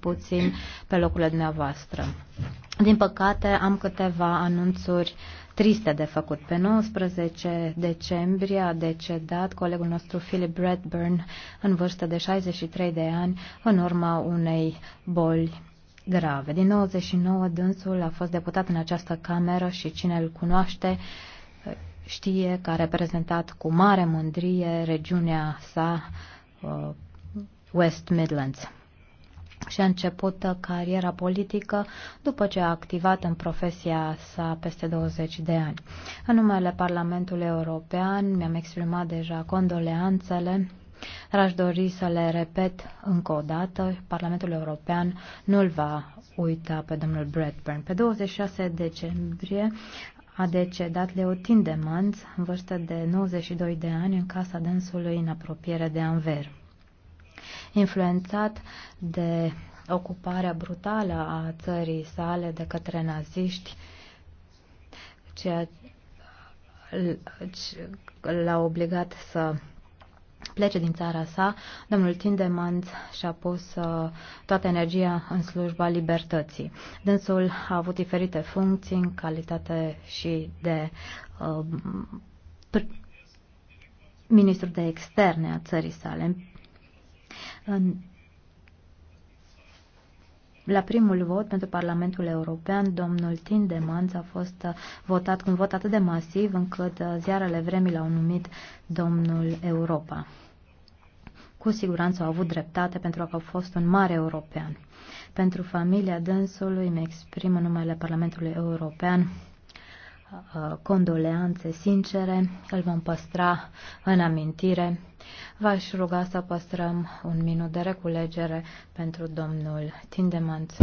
puțin pe locurile dumneavoastră. Din păcate, am câteva anunțuri triste de făcut. Pe 19 decembrie a decedat colegul nostru Philip Bradburn în vârstă de 63 de ani în urma unei boli grave. Din 99 dânsul a fost deputat în această cameră și cine îl cunoaște știe că a reprezentat cu mare mândrie regiunea sa uh, West Midlands și-a început uh, cariera politică după ce a activat în profesia sa peste 20 de ani. În numele Parlamentului European mi-am exprimat deja condoleanțele dar aș dori să le repet încă o dată, Parlamentul European nu îl va uita pe domnul Bradburn. Pe 26 decembrie a decedat Leo Tindemans, în vârstă de 92 de ani, în casa dânsului în apropiere de Anver influențat de ocuparea brutală a țării sale de către naziști, ceea l-a obligat să plece din țara sa, domnul Tindemans și-a pus uh, toată energia în slujba libertății. Dânsul a avut diferite funcții în calitate și de uh, ministru de externe a țării sale. În la primul vot pentru Parlamentul European, domnul Tindemans a fost uh, votat cu un vot atât de masiv încât uh, ziarele vremii l-au numit domnul Europa. Cu siguranță au avut dreptate pentru că au fost un mare european. Pentru familia dânsului îmi exprim în numele Parlamentului European Uh, condoleanțe sincere, îl vom păstra în amintire. V-aș ruga să păstrăm un minut de reculegere pentru domnul Tindemans.